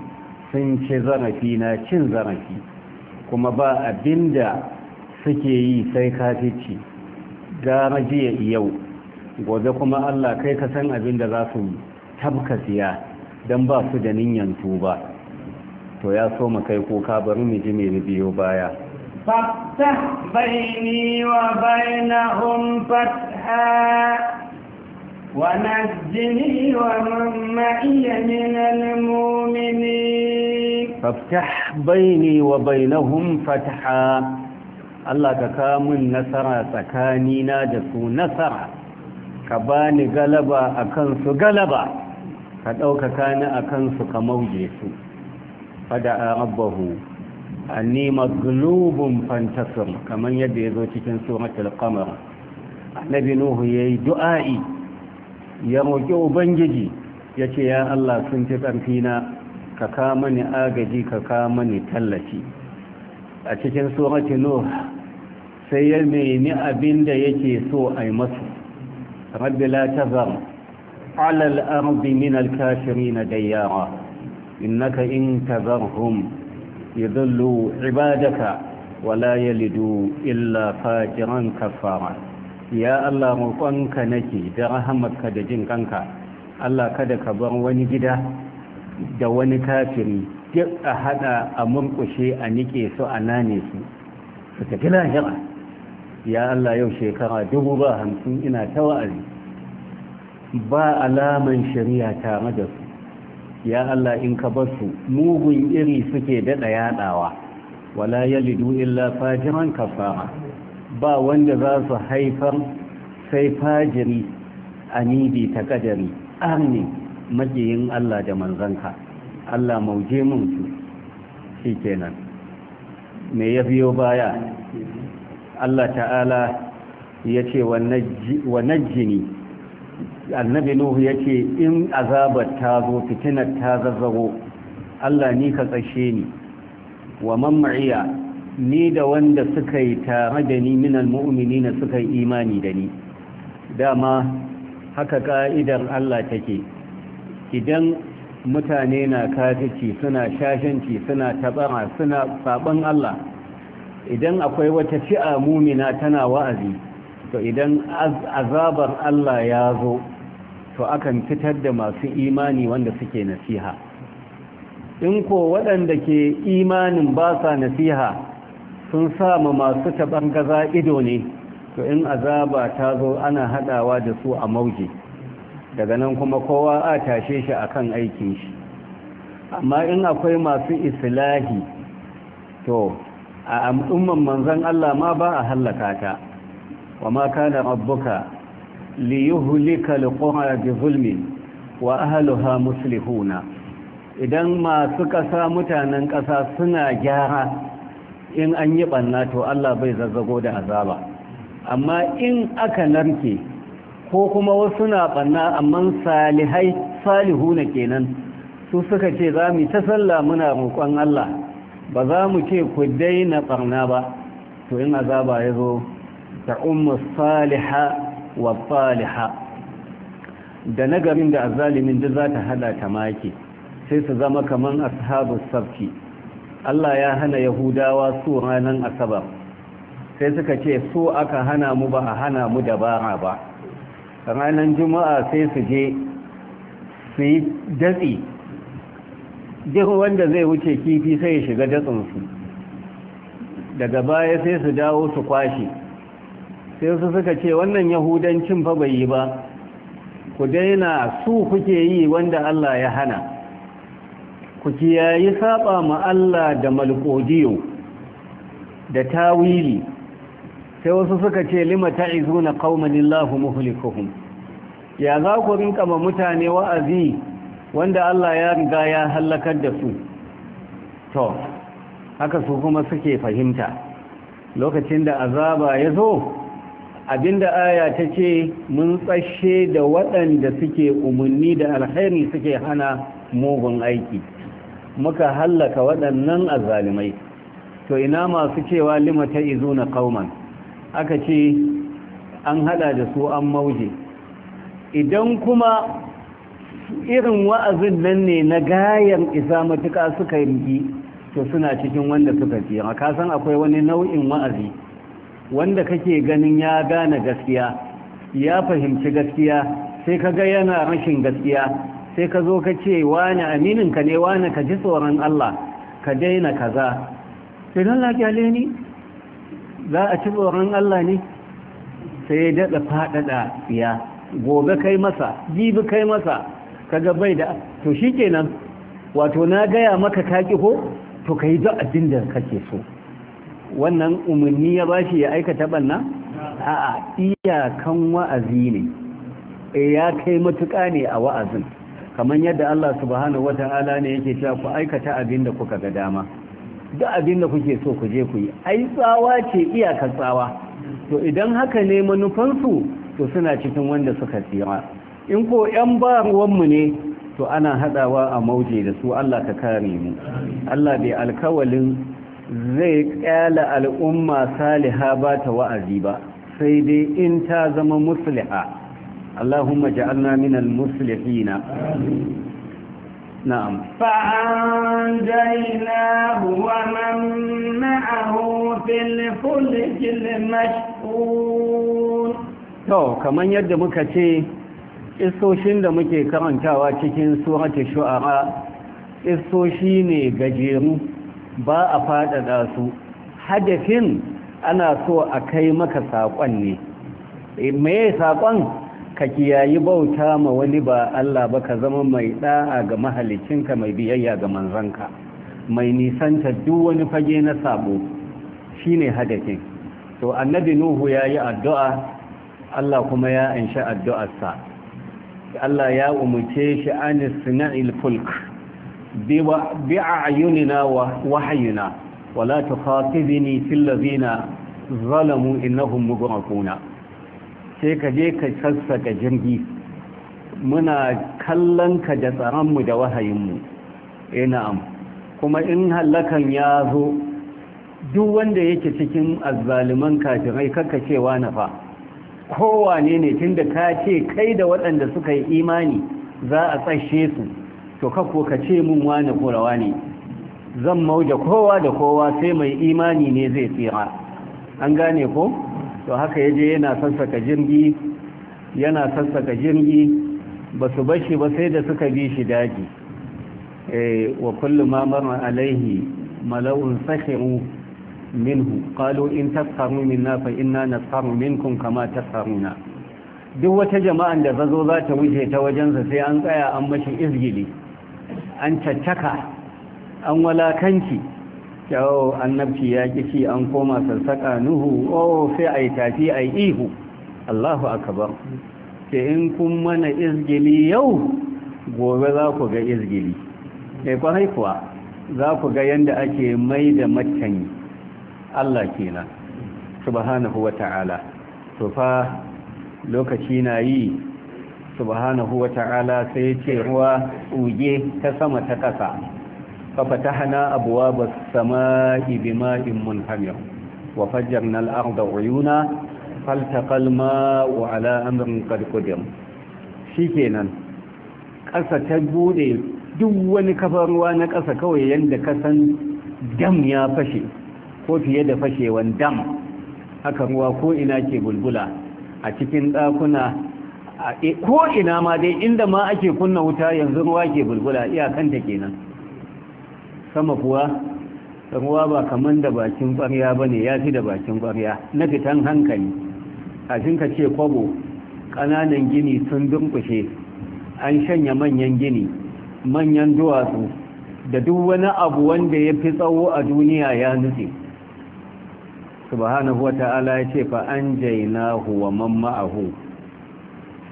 S1: sun ci zarafi na cin zarafi kuma ba abinda suke yi sai kafici gara jiya yau gobe kuma Allah kai ka san abinda za su yi tabka siya don ba su da niyan tuba to ya so mu kai kuka bari mu ji me biyo baya
S3: wa wa بيني وبينهم فتحا ونجني min al من المؤمنين
S1: فافتح wa bainahum fatha Allah ka kamun nasara tsakanina da su nasara ka bani galaba akan su galaba ka ɗaukaka ni a kansu ka mauje su fada a rabbahu anni maglubun fantasir kamar yadda ya zo cikin suratul qamar annabi nuhu yayi du'a'i ya roki ubangiji yace ya Allah sun ci karfi na ka ka mani agaji ka ka mani tallafi a cikin suratul nuh sai ya meni abinda yake so ai masu rabbi la tazar على الأرض من الكافرين ديارا naka إن تذرهم يذلوا عبادك ولا يلدوا إلا فاجرا كفارا يا الله مقنك نجي درهمك دجنقنك Allah kada ka bar wani gida da wani kafiri duk a haɗa a murkushe a nike su a nane su su tafi lahira ya Allah yau shekara dubu ba hamsin ina ta wa'azi ba alaman shari'a tare da su ya Allah in ka bar su mugun iri suke daɗa yaɗawa wala yalidu illa fajiran kafara ba wanda za su haifar sai fajiri anidi ta kadari arni maƙiyin Allah da manzanka Allah mauje mun su kenan me ya biyo baya Allah ta'ala ya ce wa najjini annabi nuhu ya ce in azabar ta zo fitinar ta zazzago allah ni ka tsashe ni wa mamma'iya ni da wanda suka yi tare da ni minan mu'mini na suka yi imani da ni dama haka ka'idar allah take idan mutane na kafici suna shashanci suna tabara suna saban allah idan akwai wata fi'a mumina tana wa'azi to idan azabar Allah ya zo to akan fitar da masu imani wanda suke nasiha in ko waɗanda ke imanin ba sa nasiha sun sa ma masu taɓar gaza ido ne to in azaba ta zo ana haɗawa da su a mauje daga nan kuma kowa a tashe shi akan aikin shi amma in akwai masu islahi to a al'umman manzon Allah ma ba a hallaka ta wa ma kana rabbuka liyuhlika alqura bi zulmin wa ahliha muslihuna idan masu ƙasa mutanen ƙasa suna gyara in an yi ɓanna to Allah bai zazzago da azaba amma in aka narke ko kuma wasu na banna amma salihai salihuna kenan su suka ce za mu ta sallah muna roƙon Allah ba za mu ce ku daina ɓarna ba to in azaba ya zo ta ummu saliha wa saliha da nagarin da azalimin duk za ta hada ta maki sai su zama kaman ashabus sabki Allah ya hana yahudawa su ranan asabar sai suka ce so aka hana mu ba a hana mu dabara ba ranan juma'a sai su je su yi datsi wanda zai wuce kifi sai ya shiga datsinsu daga baya sai su dawo su kwashe sai su suka ce wannan yahudancin fa bai yi ba ku daina su kuke yi wanda Allah ya hana ku kiyayi saba ma Allah da malkodiyo da tawili sai wasu suka ce lima ta'izuna qauman illahu muhlikuhum ya za ku rinka ma mutane wa'azi wanda Allah ya riga ya halakar da su to haka su kuma suke fahimta lokacin da azaba ya zo abinda aya ta ce mun tsashe da waɗanda suke umarni da alkhairi suke hana mugun aiki muka hallaka waɗannan azalimai to ina masu cewa lima ta izo na kauman aka ce an hada da su an mauje idan kuma irin wa'azin nan ne na gayan isa matuka suka yi to suna cikin wanda suka fiye a kasan akwai wani nau'in wa'azi wanda kake ganin ya gane gaskiya ya fahimci gaskiya sai ka ga yana rashin gaskiya sai ka zo ka ce wani aminin ka ne wani ka ji tsoron Allah ka daina kaza sai don lafiya ni za a ci tsoron Allah ne sai ya daɗa faɗaɗa ya gobe kai masa jibi kai masa kaga bai da to shi kenan wato na gaya maka kaki ko to ka yi duk abinda kake so wannan umarni ya ba shi ya aikata banna a'a iyakan wa'azi ne eh, ya kai matuƙa ne a wa'azin kamar yadda Allah subhanahu wata'ala ne yake cewa ku aikata abin da kuka ga dama duk abin da kuke so ku je ku yi ai tsawa ce iyakar tsawa to idan haka ne manufansu to suna cikin wanda suka tsira in ko yan mu ne to ana haɗawa a mauje da su Allah ka kare mu Allah bai alkawalin zai kyala al'umma saliha ba ta wa'azi ba sai dai in ta zama musliha اللهم اجعلنا من المصلحين نعم
S3: فأنجيناه ومن معه في الفلك المشحون
S1: to kaman yadda muka ce isoshin da muke karantawa cikin surati shu'ara isoshi ne gajeru ba a faɗaɗa su hadafin ana so a kai maka saƙon ne eh, mai saƙon ka kiyayi bauta ma wani ba Allah ba ka zama mai ɗa'a ga mahalicinka mai biyayya ga manzanka mai nisanta duk wani fage na sabo shine hadafin to annabi nuhu ya yi addu'a Allah kuma ya anshi addu'arsa Allah ya umarce shi anis sina'il fulk بعيوننا ووحينا ولا تخاطبني في الذين ظلموا إنهم مغرقون sai ka je ka sassaka jirgi muna kallon ka da tsaronmu da wahayinmu ina'am kuma in hallakan ya zo duk wanda yake cikin azzaliman kafirai kaka cewa na fa kowane ne tunda ka ce kai da waɗanda suka yi imani za a tsashe su to kakko ka ce mun wane kurawa ne zan mauje kowa da kowa sai mai imani ne zai tsira an gane ko to haka yaje yana sassaka jirgi yana sassaka jirgi ba su bashi ba sai da suka bi shi daji eh wa kullu ma marra alaihi mala'un sakhiru minhu qalu in tasharu minna fa inna nasharu minkum kama tasharuna duk wata jama'an da zazo za ta wuce ta wajensa sai an tsaya an mashi izgili an caccaka an walakanki kyawo annabci ya kici an koma sassaka nuhu oh sai a yi tafi a yi ihu allahu akabar ke in kun mana izgili yau gobe za ku ga izgili mai kwarai kuwa za ku ga yadda ake mai da matan allah kenan subhanahu wa ta'ala to fa lokaci na yi subhanahu wata'ala sai ce ruwa uge ta sama ta ƙasa kafa ta hana abuwa ba sama ibima'in munhamir wa fajar na al'arda uyuna faltaƙal ma'u ala amirin ƙarƙudin shi kenan ƙasa ta bude duk wani kafar ruwa na ƙasa kawai yadda kasan dam ya fashe ko fiye da fashewan dam haka ruwa ko ina ke bulbula a cikin ɗakuna E, ko ina ma dai inda ma ake kunna wuta yanzu ruwa ke bulbula iyakanta kenan sama kuwa ruwa ba kaman da bakin kwarya ba ne ya fi da bakin kwarya na fitan hankali kafin ka ce kwabo kananan gini sun dunkushe an shanya manyan gini manyan duwatsu da duk wani abu wanda ya fi tsawo a duniya ya nutse subhanahu wa ta'ala ya ce fa an jainahu wa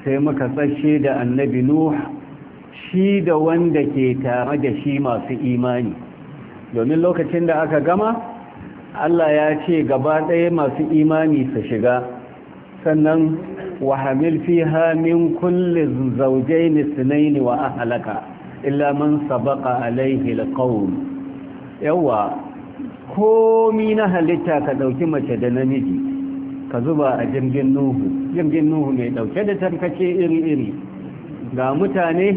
S1: sai muka tsashe da annabi nuh shi da wanda ke tare da shi masu imani domin lokacin da aka gama Allah ya ce gaba ɗaya masu imani su shiga sannan wa hamil fiha min kulli zawjayn sunayn wa ahlaka illa man sabaqa alayhi alqawl yawa komi na halitta ka ɗauki mace da namiji ka zuba a jirgin nuhu jirgin nuhu mai dauke da tarkace iri-iri ga mutane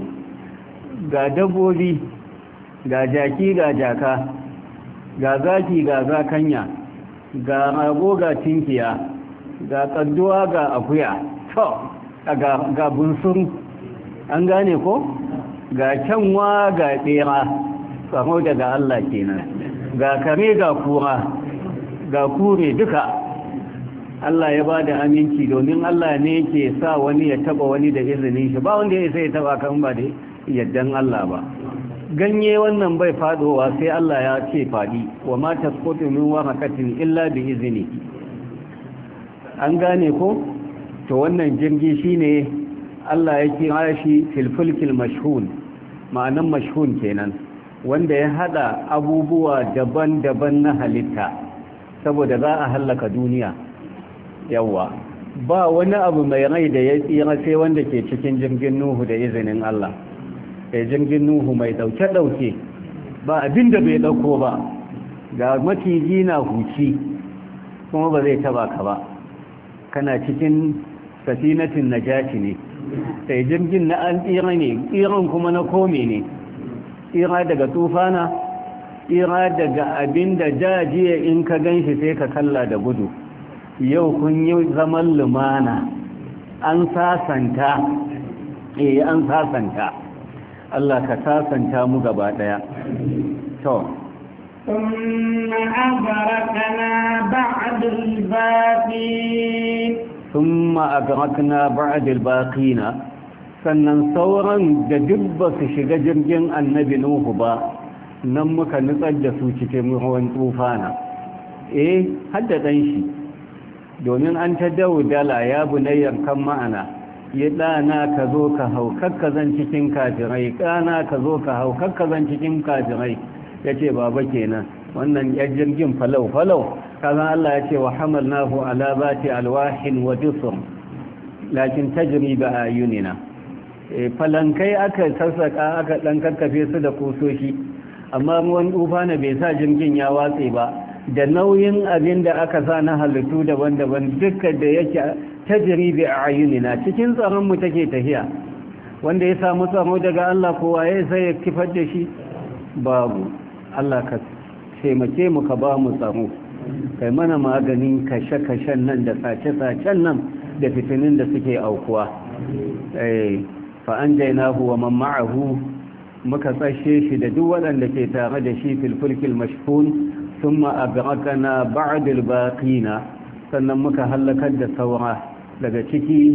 S1: ga dabbobi ga jaki ga jaka ga zaki ga zakanya ga rago ga tinkiya ga tsadduwa ga akuya to ga bunsun an gane ko ga canwa ga tsera tsaro daga Allah kenan ga kare ga kura ga kure duka Allah ya ba da aminci domin Allah ne ke sa wani ya taba wani da izinin shi ba wanda ya isa ya taba kan ba da yaddan Allah ba ganye wannan bai fadowa sai Allah ya ce fadi wa ma tasqutu min waraqatin illa bi izini? an gane ko to wannan jirgi shine Allah ya kira shi filfulkil mashhun ma'anan mashhun kenan wanda ya hada abubuwa daban-daban na halitta saboda za a hallaka duniya yawa ba wani abu mai rai da ya tsira sai wanda ke cikin jirgin nuhu da izinin Allah sai jirgin nuhu mai dauke-dauke ba abin da bai dauko ba ga maciji na huci kuma ba zai taba ka ba kana cikin safinatin najati ne sai jirgin na an tsira ne tsiran kuma na kome ne tsira daga tufana tsira daga abin da jiya in ka gan shi sai ka kalla da gudu yau kun yi zaman lumana an sasanta eh an sasanta Allah ka sasanta mu gaba daya to
S3: ثم أغرقنا بعد الباقين
S1: ثم أغرقنا بعد الباقين sannan sauran da duk ba su shiga jirgin annabi Nuhu ba nan muka nutsar da su cikin ruwan tufana. eh hadda dan shi domin an ta daudala ya bunayyar kan ma'ana ya ɗana ka zo ka hau kakka zan cikin kafirai ƙana ka zo ka hau kakka zan cikin kafirai ya baba kenan wannan yan jirgin falau-falau kazan Allah ya ce wa hamal nahu ala bati alwahin wa dusur lakin tajri ba ayunina eh, falankai aka sassaka aka ɗan kakkafe su da kusoshi amma ruwan dufa na bai sa jirgin ya watse ba da nauyin abin da aka sa na halittu daban-daban duka da yake ta jiribi a ayyunina cikin tsaronmu take tafiya wanda ya samu tsaro daga Allah kowa ya sai ya kifar da shi babu Allah ka taimake mu ka ba mu tsaro kai mana maganin kashe-kashen nan da sace-sacen nan da fitinin da suke aukuwa eh, fa'an jainahu huwa man ma'ahu muka tsashe shi da duk waɗanda ke tare da shi filfilkil mashkun ثم أبركنا بعد الباقين sannan muka hallakar da saura daga ciki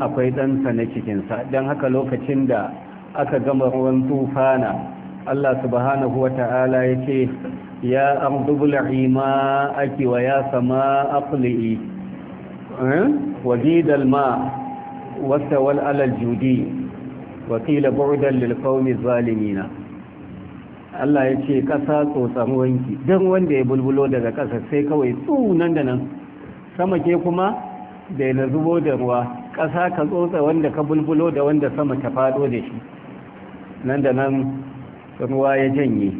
S1: akwai ɗansa na cikinsa don haka lokacin da aka gama ruwan tufana Allah subhanahu wa ta'ala ya ce ya ardubula ima ake wa ya sama aqli'i wajidal ma wasa wal alal judi wakila burdan lil qaumi zalimina Allah ya ce ƙasa tsotsan wanki don wanda ya bulbulo daga ƙasa sai kawai tsunan da nan sama ke kuma da ya zubo da ruwa ƙasa ka tsotsa wanda ka bulbulo da wanda sama ta faɗo da shi nan da nan ruwa ya janye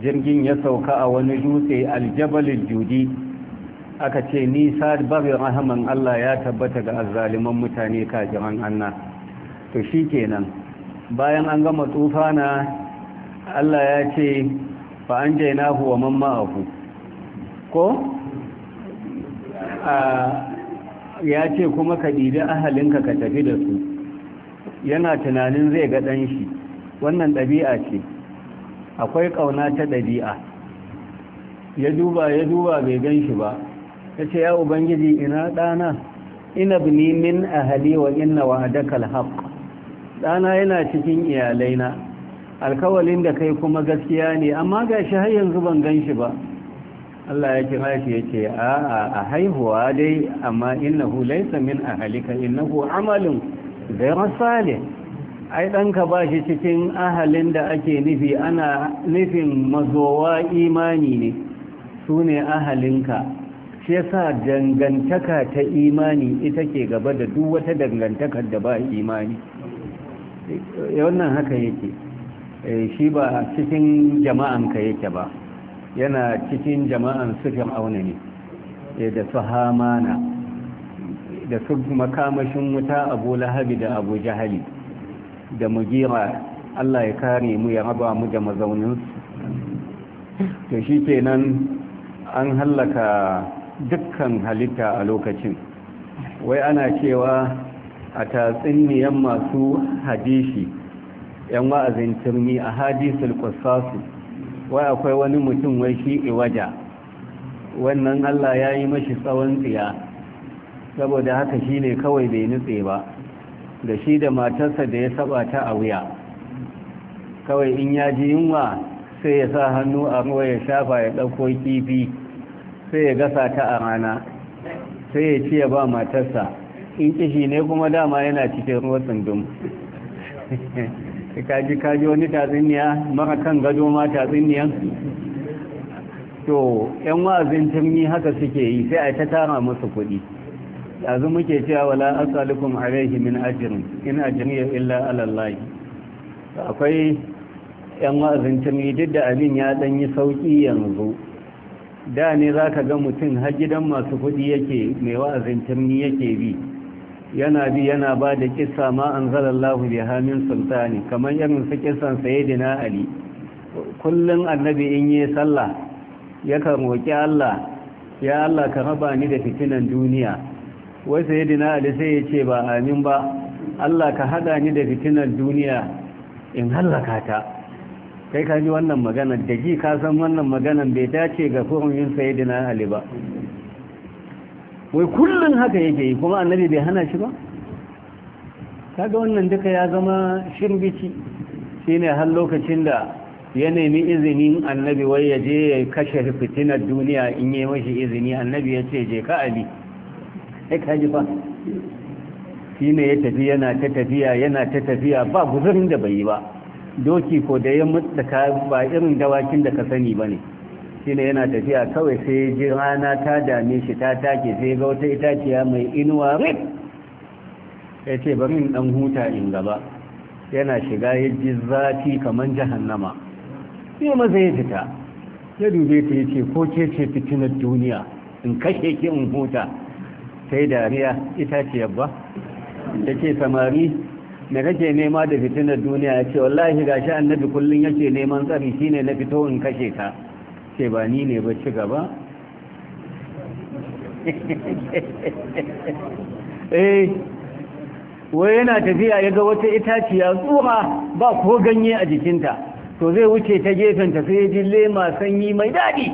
S1: jirgin ya sauka a wani dutse aljabalin judi aka ce nisa barin rahaman Allah ya tabbata ga azzaliman mutane kajiran anna to shi kenan bayan an gama tsufa na. Allah ya ce fa an jai na huwa man ma'ahu ko ya ce kuma ka ɗibi ahalinka ka tafi da su yana tunanin zai ga ɗan shi wannan ɗabi'a ce akwai ƙauna ta ɗabi'a ya duba ya duba bai gan shi ba ya ce ya ubangiji ina ɗana ina bini min ahali wa inna wa adakal ɗana yana cikin iyalaina alkawalin da kai kuma gaskiya ne amma ga shi har yanzu ban gan shi ba Allah ya kira shi ya ce a haihuwa dai amma innahu laysa min ahalika innahu amalun ghayra salih ai danka ba shi cikin ahalin da ake nufi ana nufin mazowa imani ne sune ne ahalinka shi yasa dangantaka ta imani ita ke gaba da duk wata dangantakar da ba imani eh, wannan haka yake Eh, shi ba cikin jama'an ka yake ba yana cikin jama'an su auna ne eh, da su hamana da su makamashin wuta abu lahabi da abu jahali da mugira allah ya kare mu ya raba mu da mazauninsu Da shi kenan an hallaka dukkan halitta a lokacin wai ana cewa a tatsuniyan masu hadishi yan wa'azin turmi a hadisul kusasu wai akwai wani mutum wai shi iwaja wannan allah ya yi mashi tsawon tsiya saboda haka shi ne kawai bai nutse ba da shi da matarsa da ya saba ta a wuya kawai in ya ji yunwa sai ya sa hannu a ruwa ya shafa ya ɗauko kifi sai ya gasa ta a rana sai ya ci ya ba matarsa in kishi ne kuma dama yana cikin ruwa tsundum kaji kaji wani tatsuniya mara kan gado ma tatsuniyan to yan wa'azin turmi haka suke yi sai a ta tara musu kuɗi yanzu muke cewa wala asalukum alaihi min ajrin in ajriya illa ala Allah akwai yan wa'azin turmi duk da abin ya dan yi sauki yanzu da ne zaka ga mutum har gidan masu kuɗi yake mai wa'azin turmi yake bi yana bi yana ba da kisa ma an zalallahu bi hamin sultani kamar irin su kisan sayyidina ali kullum annabi in yi sallah yakan roki Allah ya Allah ka raba ni da fitinan duniya wai sayyidina ali sai ya ce ba amin ba Allah ka hada ni da fitinan duniya in halaka ta kai ka ji wannan magana da ji ka san wannan maganar bai dace ga furumin sayyidina ali ba wai kullum haka yake yi kuma annabi bai hana shi ba kaga wannan duka ya zama shirbici shine har lokacin da ya nemi izinin annabi wai ya je ya kashe fitinar duniya in yi mashi izini annabi ya ce je ka abi sai kaji ba shi ne ya tafi yana ta tafiya yana ta tafiya ba guzurin da bai yi ba doki ko da ya mutu ba irin dawakin da ka sani ba ne shine yana tafiya kawai sai ji rana ta dame shi ta take sai ga wata itaciya mai inuwa rik ya ce bari in dan huta in gaba yana shiga ya ji zafi kamar jahannama sai maza ya fita ya dube ta ya ce ko ce ce fitinar duniya in kashe ki in huta sai dariya itaciyar ba ta ce samari na kake nema da fitinar duniya ya ce wallahi gashi annabi kullum yake neman tsari shine na fito in kashe ka ce ba ni ne ba ci gaba eh wai yana tafiya ya ga wata itaciya tsuha ba ko ganye a jikinta to zai wuce ta gefen ta sai ji lema sanyi mai daɗi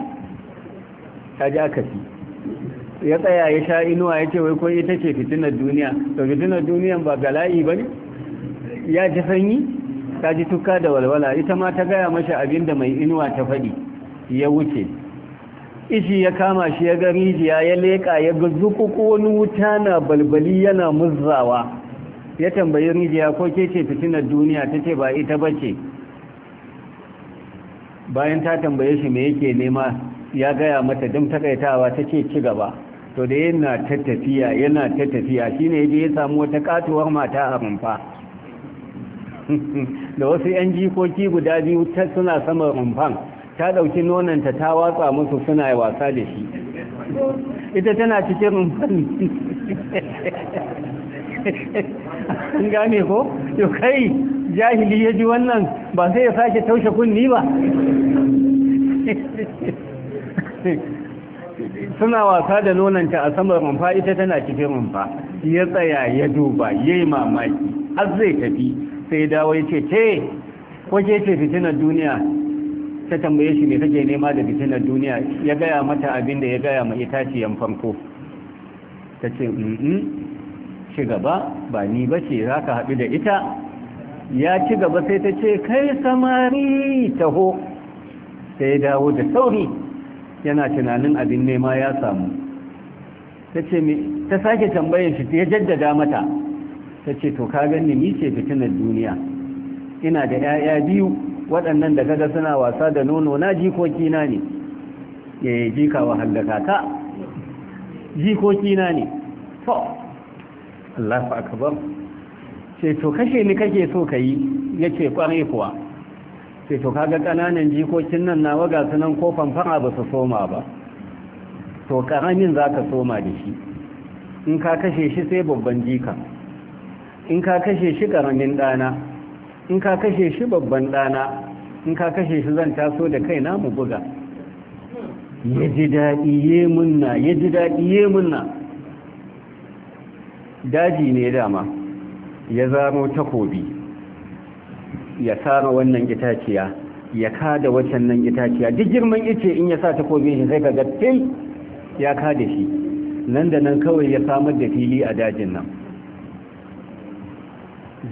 S1: ta ji aka fi ya tsaya ya sha inuwa ya ce wai ko ita ce fitinar duniya to fitinar duniyan ba gala'i ba ne ya ji sanyi ta ji tuka da walwala ita ma ta gaya mashi abinda mai inuwa ta faɗi ya wuce ishi ya kama shi ya ga rijiya ya leƙa ya ga zukuku wani wuta na balbali yana muzzawa ya tambayi rijiya ko ke ce fitinar duniya ta ce ba ita ba ce bayan ta tambaye shi me yake nema ya gaya mata don takaitawa ta ce ci gaba to da yana ta tafiya yana ta tafiya shine yaje ya samu wata katuwar mata a rumfa da wasu yan jikoki guda biyu ta suna sama rumfan ta ɗauki nonanta ta watsa musu suna wasa da shi
S2: ita tana cikin
S1: an gane ko yau kai jahili ya ji wannan ba sai ya sake taushe kunni ba suna wasa da nonanta a saman rumfa ita tana cikin rumfa ya tsaya ya duba ya yi mamaki har zai tafi sai dawo ya ce ce ce fitinar duniya ta tambaye shi me kake nema da fitinar duniya ya gaya mata abin da ya gaya ma yan farko ta ce ci gaba ba ni ba ce za ka haɗu da ita ya ci gaba sai ta ce kai samari taho sai ya dawo da sauri yana tunanin abin nema ya samu ta ce ta sake tambayin shi ya jaddada mata ta ce to ka gani ni ce fitinar duniya ina da 'ya'ya biyu waɗannan da kaga suna wasa da nono na jikoki na ne ya eh, jika wa hallaka ta jikoki na ne to Allah fa bar. sai to kashe ni kake so ka yi yace kware kuwa sai to kaga ƙananan jikokin nan na waga sunan ko fanfara ba su soma ba to ƙaramin za ka soma da shi in ka kashe shi sai babban jika in ka kashe shi ƙaramin ɗana. in ka kashe shi babban ɗana in ka kashe shi zan taso da kaina mu buga ya ji daɗi ya munna ya ji daɗi ya munna daji ne dama ya zaro takobi ya sara wannan itaciya ya kada waccan nan itaciya duk girman ice in ya sa takobi shi sai ga ya kada shi nan da nan kawai ya samar da fili a dajin nan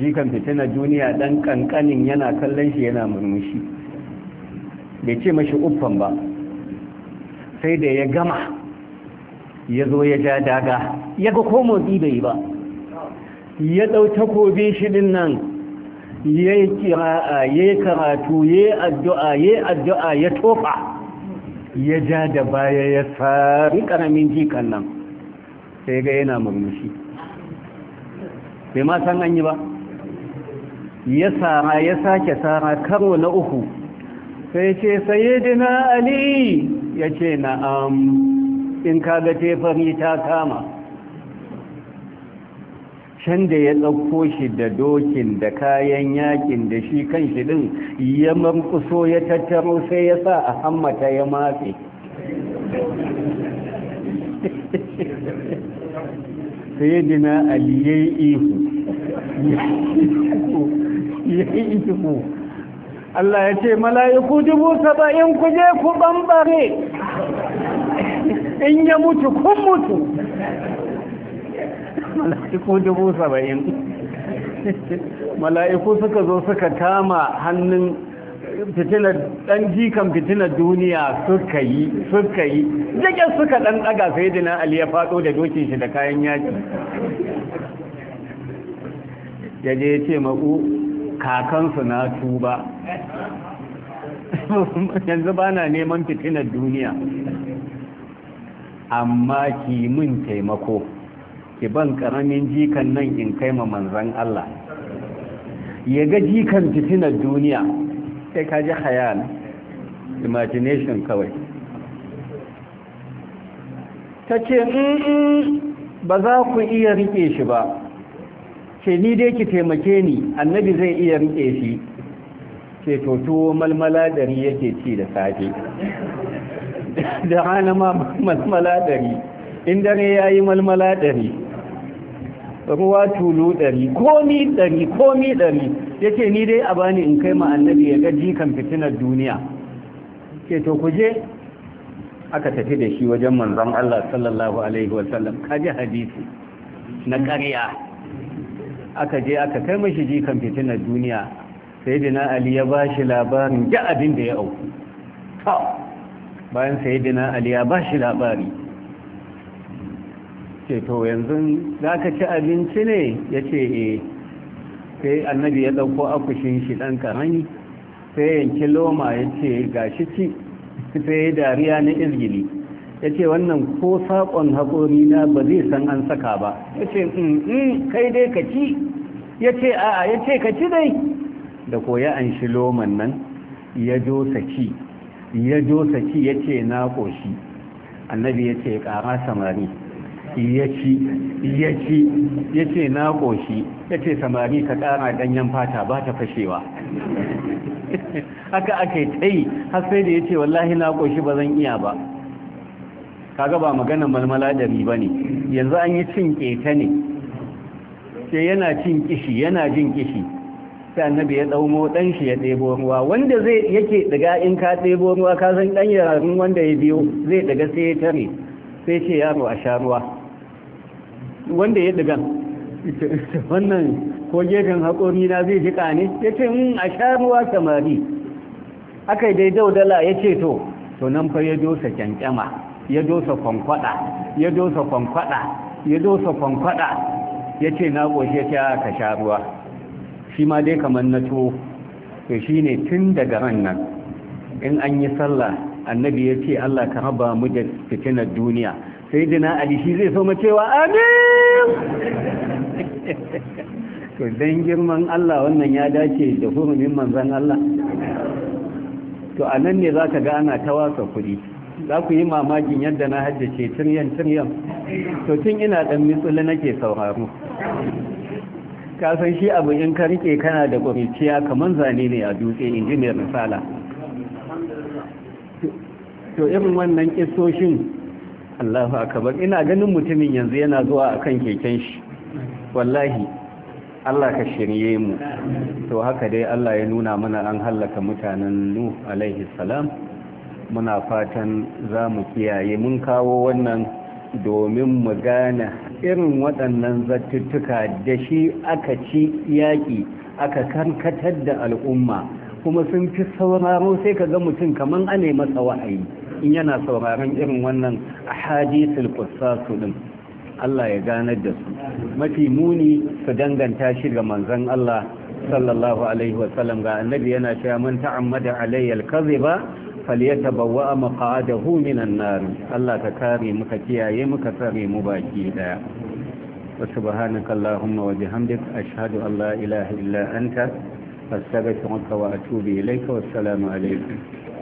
S1: jikan fita na duniya dan kankanin yana kallon shi yana murmushi bai ce mashi uffan ba sai da ya gama ya zo ya ja daga ya ga komo ba ya ɗau takobi shi din nan ya yi kira'a ya karatu ya yi addu'a ya addu'a ya tofa ya ja da baya ya sari karamin jikan nan sai ga yana murmushi bai ma san an yi ba ya sara ya sake sara karo na uku sai ce sayyidina ali ya ce na'am in kaga tefari ta kama can da ya ɗauko shi da dokin da kayan yakin da shi kan shi ɗin ya mamkuso ya tattaro sai ya sa a hammata ya matse Ali ya aliyu ihu ya yi Allah ya ce mala'iku dubu saba'in ku je ku ɓamɓare in ya mutu kun mutu mala'iku dubu saba'in mala'iku suka zo suka kama hannun fitinar ɗan jikan fitinar duniya suka yi suka yi jikin suka ɗan ɗaga sai dina ali ya faɗo da dokin shi da kayan yaki yaje ya ce maku kakansu na tuba yanzu ba na neman fitinar duniya amma ki min taimako ki ban karamin jikan nan in kai ma manzan Allah ya ga jikan fitinar duniya sai ka ji hayan imagination kawai ta ce ba za ku iya riƙe shi ba ce ni dai ki taimake ni annabi zai iya rike shi ce to tuwo malmala dari yake ci da safe da hana ma malmala dari in dare ya yi malmala dari ruwa tulu dari komi dari komi dari ya ce ni dai a bani in kai ma annabi ya gaji kan fitinar duniya ce to ku je aka tafi da shi wajen manzon Allah sallallahu alaihi wasallam kaji hadisi na ƙarya aka je aka kai mashi jikan fitinar duniya sai ali ya ba shi labarin ga abin da ya auku bayan sai ali ya ba shi labari ce to yanzu za ka ci abinci ne ya ce eh sai annabi ya ɗauko akushin shi ɗan karani sai Yankin loma ya ce ga shi ci sai dariya na izgili ya ce wannan ko saƙon haƙori na ba zai san an saka ba ya ce mm, mm, kai dai ka ci ya ce a'a ya ce ka ci dai da koya an shi loman nan ya jo saki ya jo saki ya ce na ƙoshi annabi ya ce ƙara samari ya ci ya ce na ƙoshi ya ce samari ka ƙara ɗanyen fata ba ta fashewa haka ake yi tsayi har sai da ya ce wallahi na ƙoshi ba zan iya ba kaga ba maganar malmala ɗari ba ne yanzu an yi cin ƙeta ne sai yana cin kishi yana jin kishi sai annabi ya ɗaumo motsan shi ya ɗebo ruwa wanda zai yake daga in ka ɗebo ruwa ka san ɗan yararun wanda ya biyo zai daga sai ya tare sai ce yaro a sha ruwa wanda ya ɗigan wannan ko gefen haƙori na zai jiƙa ne ya ce in hmm, a sha ruwa samari aka yi dai daudala ya ce to to nan fa ya dosa kyankyama ya dosa kwankwada ya dosa kwankwada ya dosa kwankwada ya ce na goshe ta ka sha ruwa shi ma dai kamar na to to shi ne tun daga ran nan in an yi sallah annabi ya ce Allah ka raba mu da fitinar duniya sai dina ali shi zai so mu cewa amin to dan girman Allah wannan ya dace da hurumin manzon Allah to anan ne zaka ga ana tawasa kuɗi za ku yi mamakin yadda na haddace tiryan tiryan to tun ina dan mitsuli nake sauraro ka san shi abu in ka rike kana da ƙuriciya kamar zane ne a dutse injiniyar misala to irin wannan kisoshin Allahu akabar! ina ganin mutumin yanzu yana zuwa a kan keken shi wallahi Allah ka shirye mu to haka dai Allah ya nuna mana an hallaka mutanen Nuh alaihi salam muna fatan za mu kiyaye mun kawo wannan domin mu gane irin waɗannan zattuttuka da shi aka ci yaƙi aka kankatar da al'umma kuma sun fi sauraro sai ka ga mutum kamar ane masa wa'ayi in yana sauraron irin wannan a hadisul su ɗin Allah ya ganar da su mafi muni su danganta shi ga manzan Allah sallallahu alaihi wasallam ga annabi yana cewa man ta'ammada alayya al falyatabawwa da minan nari Allah ka kare muka kiyaye muka tsare mu baki daya wa subhanaka allahumma wa bihamdika ashhadu an la
S2: ilaha illa anta astaghfiruka wa atubu ilayka wassalamu alaikum